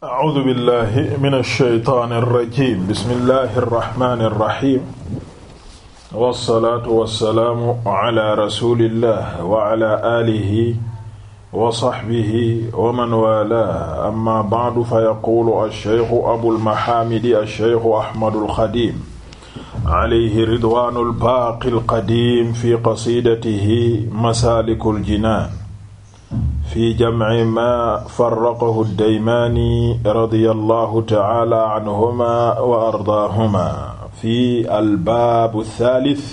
A'uuzu billaahi mina shaytaani rajiim bismillaahi rahmaani rahiim. Wassalaatu wassalaamu alaa rasuulillaah wa alaa aalihi wa sahbihi wa man waalaahu ammaa ba'du fayaquulu ash-shaykhu abul mahaamidi ash-shaykhu Ahmadul Xadiim alayhi ridwaanul baaqil qadiim fi qasiidatihi masaalikul jinaan fi jamci ma farraqahu ddaymaani radiyallahu ta'ala anhuma wa ardaahuma fi albaabu thaalith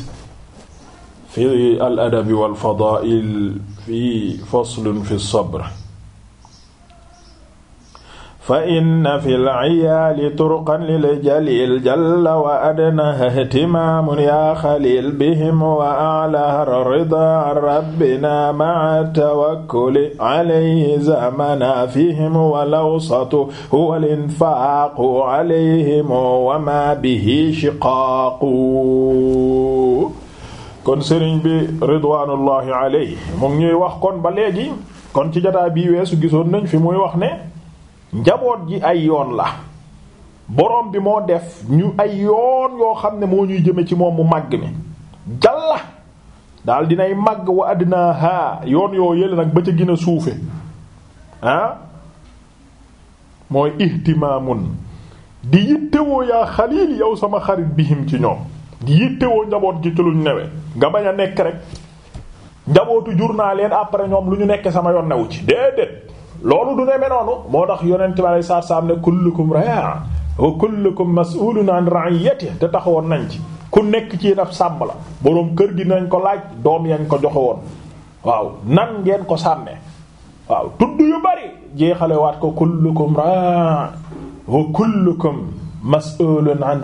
fi al adabi wal fadaa'il fi faslun fi sabr fa inna fil iyaali turqan lil jalil jalla wa adnaha ihtimaamun yaa xalil bihim wa ala ridaa rabbina ma'a tawakkuli alayhi zamana fihim wal awsatu huwa al infaaqu alayhim wa ma bihi shiqaaqu kon sëriñ bi ridwaanullahi alayhi mu ngi ñuy wax kon ba léegi kon ci jotaay bi weesu gisoon nañ fi muy wax ne njaboot ji ay yoon la boroom bi moo def ñu ay yoon yoo xam ne moo ñuy jëme ci moom mu màgg ni jàlla daal dinay màgg wa àddina haa yoon yoo yële nag ba ca gën suufe ah mooy ihtimaamun di yittewoo yaa xaliil yow sama xarit bihim ci ñoom di yittewoo njaboot ji ci luñ newe nga bañ a nekk rek njabootu jur naa leen après ñoom lu ñu nekkee sama yoon newu ci déedéet loolu du demee noonu moo tax yonent bi saa saam ne kullukum raa wa kullukum mas'ulun an ra'iyatihi te taxawoon nañ ci ku nekk ci ab sàmm la boroom kër gi nañ ko laaj doom yañ ko joxe woon waaw nan ngeen ko sàmmee waaw tudd yu bari jeexalewaat ko kullukum raa wa kullukum mas'ulun an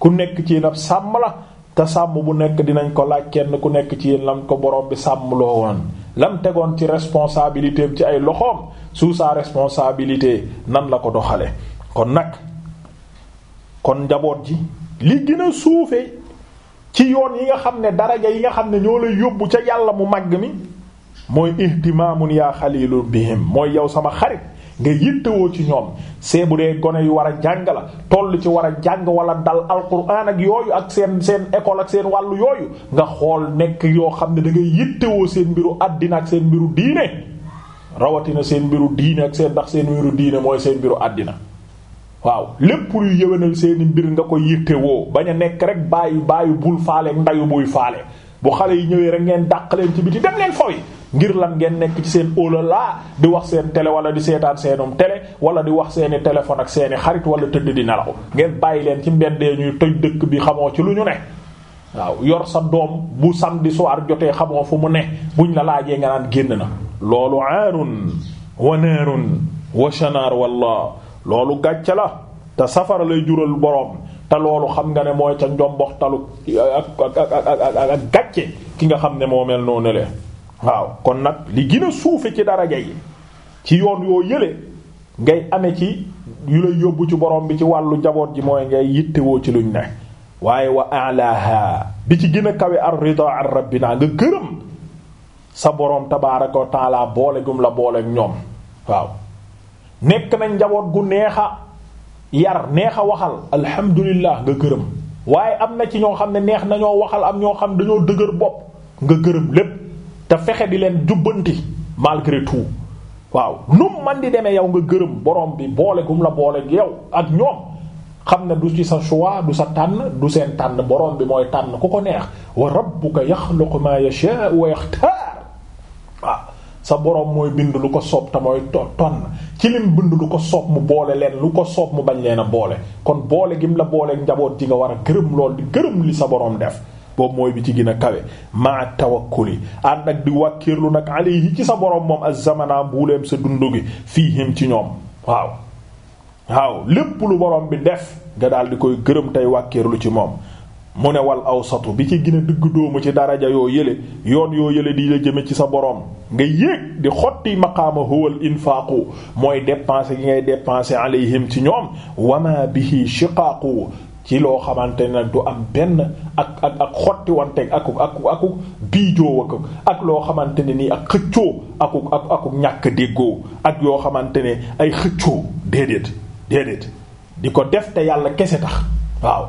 ku nekk ci ab sàmm la te sàmm bu nekk dinañ ko laaj kenn ku nekk ci yéen lam ko borom bi sàmm loo woon lam tegoon ci responsabilité ci ay loxoom suusa sa responsabilité nan la ko doxale kon nag kon njaboot ji li gën a suufe ci yoon yi nga xam ne daraja yi nga xam ne ñoo lay yóbbu ca yàlla mu màgg mi mooy ihtimaamun yaa xalilu bihim mooy yow sama xarit nga yittewoo ci ñoom see bu dee gone yu war a jàng la toll ci war a jàng wala dal alquran ak yooyu ak seen seen école ak seen wàllu yooyu nga xool nekk yoo xam ne dangay ngay yittewoo seen mbiru àddina ak seen mbiru diine seen mbiru diine ak seen ndax seen mbiru diine mooy seen mbiru àddina waaw lépp luy yëwénal seeni mbir nga ko yittewoo bañ a nekk rek bàyyi bàyyi bul faale ndayu buy faale bu xale yi ñëwee rek ngeen dàq leen ci biti dem leen ngir lan ngeen nekk ci seen óolalaa di wax seen télé wala di seetaan seenum télé wala di wax seeni i ak seen i xarit wala tëdd di nelaw ngeen bàyyi leen ci mbeddee ñuy toj dëkk bi xamoo ci lu ñu ne waaw yor sa doom bu samedi soir jotee xamoo fu mu ne buñ la laajee nga naan génn na loolu aarun wa naarun wa walla loolu gàcce la te safara lay jural boroom te loolu xam nga ne mooy ca njomboxtalu ak ak ak ak ak gàcce ki nga xam ne moo mel noonu waaw kon nag li gën a suufe ci daraja yi ci yoon yoo yële ngay ame ci yu lay yóbbu ci borom bi ci wàllu njaboot ji mooy ngay yittewoo ci luñ ne waaye wa alaha bi ci gën a kawe ar rida an rabbina nga gërëm sa borom tabaraka boole gum la booleek ñoom waaw nekk nañ njaboot gu neexa yar neexa waxal alhamdulillah nga gërëm waaye am na ci ñoo xam ne neex nañoo waxal am ñoo xam dañoo dëgër bopp nga gërëm lépp te fexe di leen jubbanti malgré tout waaw num man di demee yow nga gërëm borom bi boole gum la boole yow ak ñoom xam ne du ci sa choix du sa tànn du seen tànn borom bi mooy tànn ku ko neex wa rabbuka yaxluqu ma yasha wa yaxtaar waaw sa borom mooy bind lu ko soob te mooy tonn ci lim bind lu ko soob mu boole leen lu ko soob mu bañ leen a boole kon boole gim la boole njaboot ji nga war a gërëm lool di gërëm li sa borom def boobu mooy bi ci gën a kawe maa tawakkuli ànd ak di wàkkirlu nag alayhi ci sa borom moom az-zamana mbuuleem sa dundu gi fiihim ci ñoom waaw waaw lépp lu borom bi def nga daal di koy gërëm tey wàkkirlu ci moom mu ne wal awsatu bi ci gina a dugg dóomu ci daraja yoo yéle yoon yoo yële di la jëme ci sa boroom nga yéeg di xotti maqaama huwal infaaqu mooy dépenser gi ngay dépenser alayhim ci ñoom wanaa bi bihi shiqaaqu ci loo xamante ne du am benn ak ak ak xotti wanteeg akuk akuk akuk biijoo ko ak loo xamante ne nii ak xëccoo akuk ak akuk ñàkk déggoo ak yoo xamante ne ay xëccoo déedéet déedéet di ko def te yàlla kese tax waaw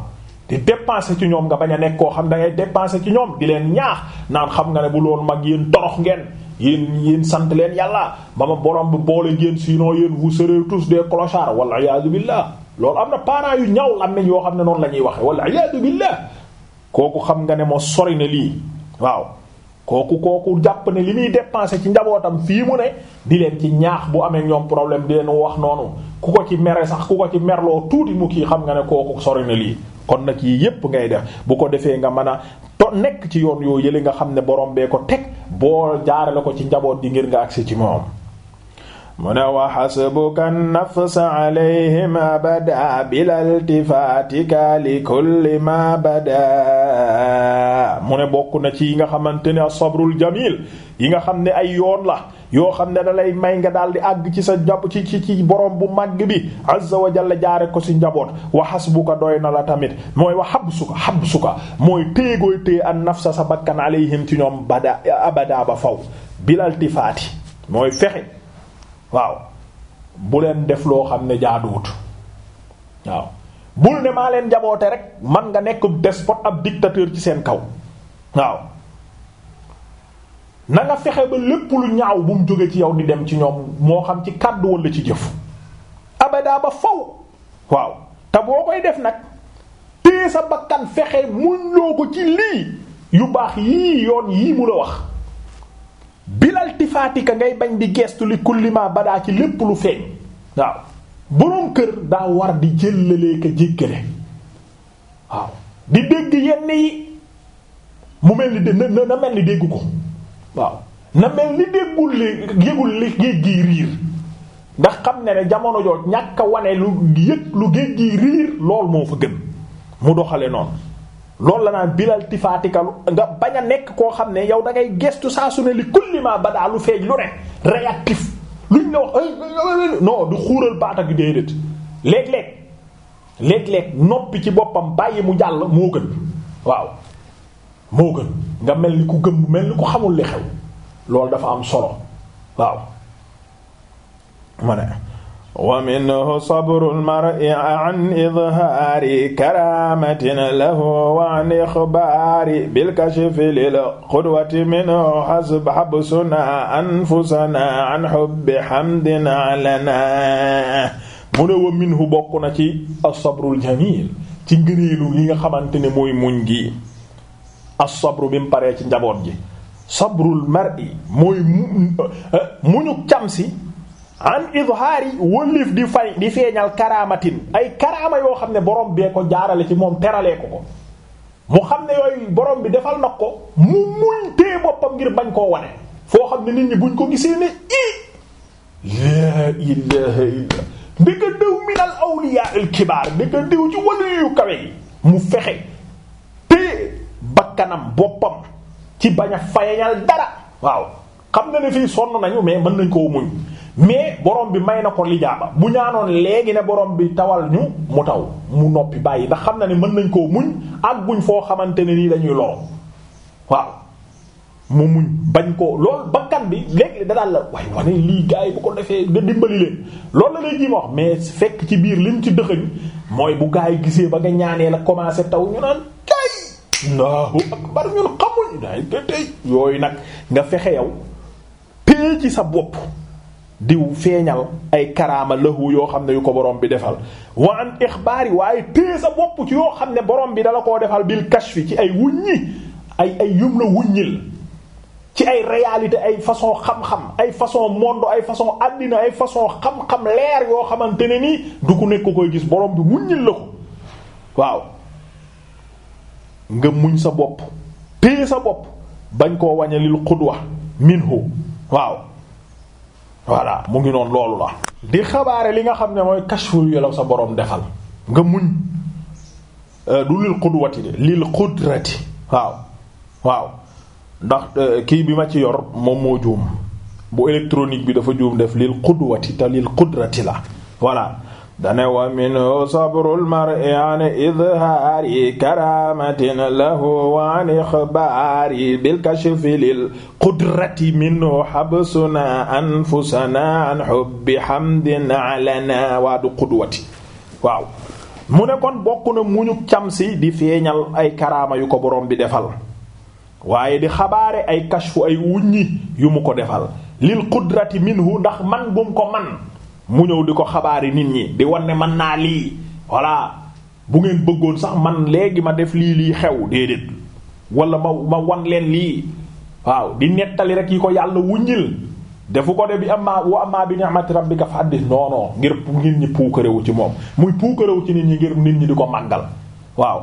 di dépenser ci ñoom nga bañ a nekk koo xam da ngay dépenser ci ñoom di leen ñaax naan xam nga ne bu loolu mag yéen torox ngeen yéen yéen sant leen yàlla ba ma borom bi boole ngeen sinon yéen vous serez tous des clochards wal iyaazu billah loolu am na parents yu ñaw am nañ yoo xam ne noonu la ñuy waxe wala iyaadu billah kooku xam nga ne moo sori na lii waaw kooku kooku jàpp ne li muy dépenser ci njabootam fii mu ne di leen ci ñaax bu amee ñoom problème di wax noonu ku ko ci mere sax ku ko ci merloo tuuti mu kii xam nga ne kooku sori na lii kon nag yii yépp ngay def bu ko defee nga mën a to nekk ci yoon yoo yële nga xam ne borom bee ko teg boo jaarale ko ci njaboot di ngir nga agsi ci moom mu ne wa xasbuka nafsa alayhim abada bila iltifaatika li kulli ma bada mu ne bokk na ci yi nga xamante ne as-sabrul jamil yi nga xam ne ay yoon la yoo xam ne da lay may nga daal di àgg ci sa jàpp ci ci borom bu màgg bi azza wa jalla jaare ko si njaboot wa xasbuka doy la tamit mooy wa habsuka habsuka mooy téegooy téye an sa bakkan alayhim ci ñoom bada abada ba faw bilal tifaati mooy fexe waaw bu leen def loo xam ne jaaduwut waaw bul ne maa leen jaboote rek man nga nekk despote ab dictateur ci seen kaw waaw na fexe ba lépp lu ñaaw bu mu jóge ci yow di dem ci ñoom moo xam ci kàddu la ci jëf abada ba fow waaw te boo koy def nag téye sa bakkan fexe muñ loo ko ci lii yu baax yii yoon yii mu la wax waltifaatika ngay bañ di gestu li kullima badaa ci lépp lu feeñ waaw boroom kër daa war di jëllalee ka jéggale waaw di dégg yenn yi mu mel ni na na mel ni dégg ko waaw na mel ni déggul li yégul li géej gi riir ndax xam ne ne jamono jooj ñàkk a lu yëg lu géej gi riir lool moo fa gën mu doxale noonu loolu la naan bilal tifaatikalu nga bañ a nekk koo xam ne yow dangay ngay gestu saa su ne li kulli ma badaa lu feeñ lu ne réactif luñ la wax eh, non du xuural baat gi déedéet léeg-léeg léeg noppi ci boppam bàyyi mu jàll moo gën waaw moo gën nga mel ni ku gëm mel ni ku xamul li xew loolu dafa am solo waaw ma wa minhu sabru lmari an idhaari karamatin lahu wa an ixbaari bilkashfi lilqudwati minhu habsuna anfusana an hubbi hamdin alana mu ne wa minhu bokk na ci asabru ljamil ci ngëneelu yi nga xamante ne mooy muñ gi asabru bi mu paree ci njaboot ji sabrul mari mooy eh, muñu cam si an izhaari wëllif di fay di feeñal karaamatin ay karaama yoo xam ne borom bee ko jaarale ci moom teralee ko ko mu xam ne yooyu borom bi defal na ko mu muñ tee boppam ngir bañ koo wane foo xam ne nit ñi buñ ko gisee ne i laa ilaha illa ndika diw kibaar ndika diw ci wali yu kawe yi mu fexe tee bakkanam boppam ci bañ a dara waaw xam na ne fii sonn nañu mais mën nañ koo muñ mais borom bi may na ko lijaaba bu ñaanoon léegi ne borom bi tawal ñu mu taw mu noppi bàyyi ndax xam na ne mën nañ koo muñ ak buñ foo xamante ne nii dañuy loo waaw mu muñ bañ ko loolu bakkan bi léegi da daal la waaye wane lii gaa yi bu ko defee nga dimbali leen loolu la lay ji wax mais fekk ci biir lim ci dëxëñ mooy bu gaa yi gisee ba nga ñaanee la commencé taw ñu naan kay Allahu akbar ñun xamuñ day tey yooyu nag nga fexe yow pee ci sa bopp diw feeñal ay karaama lahu yoo xam ne yu ko boroom bi defal wa an ixbaar yi waaye téye sa bopp ci yoo xam ne boroom bi dala koo defal bil kashfi ci ay wuññi ay ay yum la wuññil ci ay réalité ay façon xam-xam ay façon monde ay façon àddina ay façon xam-xam leer yoo xamante ne nii du ku nekk koy gis boroom bi wuññil la ko waaw nga muñ sa bopp téye sa bopp bañ koo wañalil xudwa minhu waaw voilà mu ngi noonu loolu la di xabaare li nga xam ne mooy kashful yolaw sa borom defal nga muñ euh, du lil qudwati de lil qudrati waaw waaw ndax euh, kii bi ma ci yor moom moo juum bu électronique bi dafa juum def lil qudwati te lil qudrati la voilà dane wa minhu sabrul mar'i an idhaari karamatin lahu wa an ixbaari bil kashfi lil qudrati minhu habsuna anfusana an hubbi hamdin alana waadu qudwati waaw mu ne kon bokk na muñu cam si di feeñal ay karaama yu ko borom bi defal waaye di xabaare ay kashfu ay wuññi yu mu ko defal lil qudrati minhu ndax man gum ko man mu ñëw di ko xabaari nit ñi di wan ne man naa lii voilà bu ngeen bëggoon sax man léegi ma def lii lii xew déedéet wala ma ma wan leen lii waaw di nettali rek yi ko yàlla wuññil defu ko de bi amma wa amma bi ni'mati rabbika fa haddith non non ngir nit ñi puukarewu ci moom muy puukarewu ci nit ñi ngir nit ñi di ko màggal waaw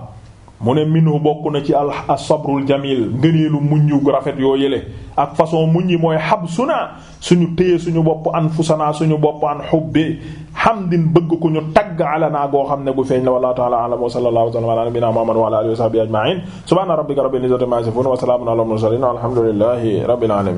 mu ne minhu bokk na ci al sabrul jamil ngëneelu muñ yu rafet yoo yële ak façon muñ yi mooy xab su naa suñu téye ñu bopp an fusanaa suñu bopp an xubbi hamdin bëgg ku ñu tagg alanaa goo xam ne gu feeñ la wallahu ta'ala a'lam wa sallallahu ta'ala ala nabiyyina muhammad wa ala alihi wa sahbihi ajma'in subhana rabbika rabbil izzati amma yasifun wa salamun ala al mursalin walhamdulillahi rabbil